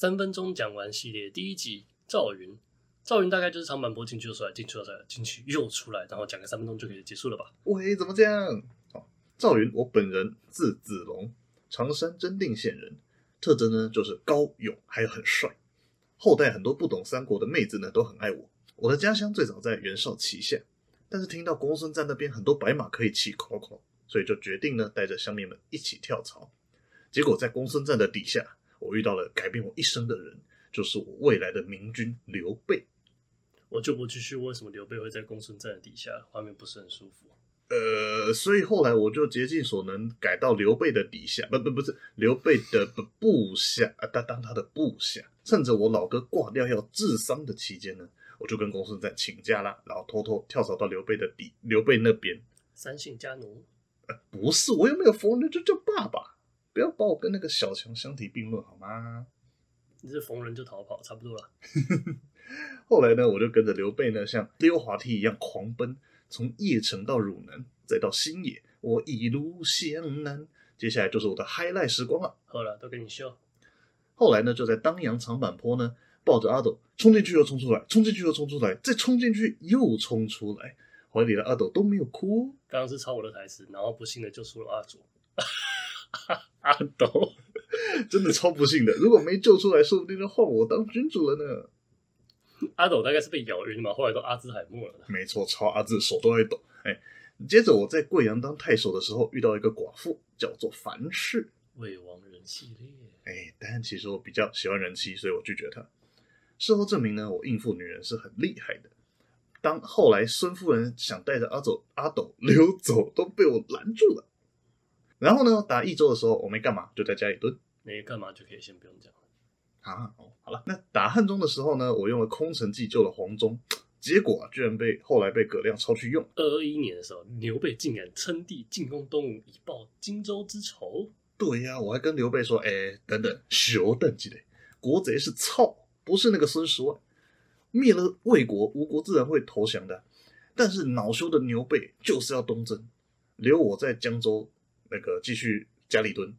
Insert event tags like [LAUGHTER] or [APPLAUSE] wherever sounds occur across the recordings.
三分鐘講完系列第一集趙雲，趙雲大概就是長坂坡進去的時候，進去的時候，進去又出來，然後講個三分鐘就可以結束了吧？喂，怎麼這樣？趙雲，我本人字子龍，常山真定縣人，特徵呢就是高勇，還有很帥。後代很多不懂三國的妹子呢都很愛我。我的家鄉最早在袁紹旗下，但是聽到公孫瓚那邊很多白馬可以騎，所以就決定呢帶着鄉民們一起跳槽。結果在公孫瓚的底下。我遇到了改變我一生的人，就是我未來的明君劉備。我就不繼續。為什麼劉備會在公孫瓚底下，畫面不是很舒服？呃，所以後來我就竭盡所能改到劉備的底下，不不不是劉備的部下啊，當、呃、當他的部下。趁着我老哥掛掉要治喪的期間呢，我就跟公孫瓚請假啦，然後偷偷跳槽到劉備的底，劉備那邊。三姓家奴？呃？不是，我又沒有封，那就叫爸爸。不要把我跟那個小強相提並論好嗎？你是逢人就逃跑，差不多了。 [LAUGHS] 後來呢，我就跟着劉備呢，像溜滑梯一樣狂奔，從鄴城到汝南，再到新野，我一路向南。接下來就是我的 highlight 時光了。好了，都給你秀。後來呢，就在當陽長坂坡呢，抱着阿斗衝進去又衝出來，衝進去又衝出來，再衝進去又衝出來，懷裡的阿斗都沒有哭。剛剛是抄我的台詞，然後不幸的救出了阿祖。阿斗 [LAUGHS] 真的超不幸的，如果沒救出來，說不定就換我當君主了呢。阿斗大概是被咬暈了，後來都阿茲海默了。沒錯，超阿茲，手都會抖。哎，接着我在桂陽當太守的時候，遇到一個寡婦，叫做樊氏。未亡人妻烈。哎，但其實我比較喜歡人妻，所以我拒絕她。事後證明呢，我應付女人是很厲害的。當後來孫夫人想帶着阿斗阿斗溜走，都被我攔住了。然後呢，打益州的時候，我沒幹嘛，就在家裡蹲。沒幹嘛就可以先不用講了啊！哦、好了，那打漢中的時候呢？我用了空城計救了黃忠，結果、啊、居然，被後來被葛亮抄去用。二一年的時候，劉備竟然稱帝，進攻東吳以報荊州之仇。對呀、啊，我還跟劉備說：“哎，等等，休登基嘞！國賊是操，不是那個孫十萬、啊。滅了魏國，吳國自然會投降的。但是惱羞的劉備就是要東征，留我在江州。”那個繼續家裡蹲，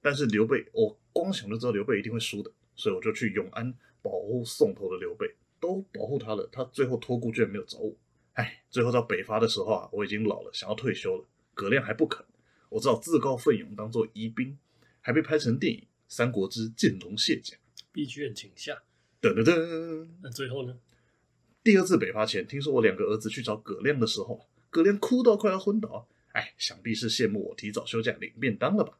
但是劉備，我光想就知道劉備一定會輸的，所以我就去永安保護送頭的劉備，都保護他了，他最後託孤居然沒有找我，哎，最後到北伐的時候啊，我已經老了，想要退休了，葛亮還不肯，我只好自告奮勇當做疑兵，還被拍成電影《三國之見龍卸甲》，B 卷請下，噔噔噔，那最後呢？第二次北伐前，聽說我兩個兒子去找葛亮的時候，葛亮哭到快要昏倒。唉，想必是羨慕我提早休假領便當了吧？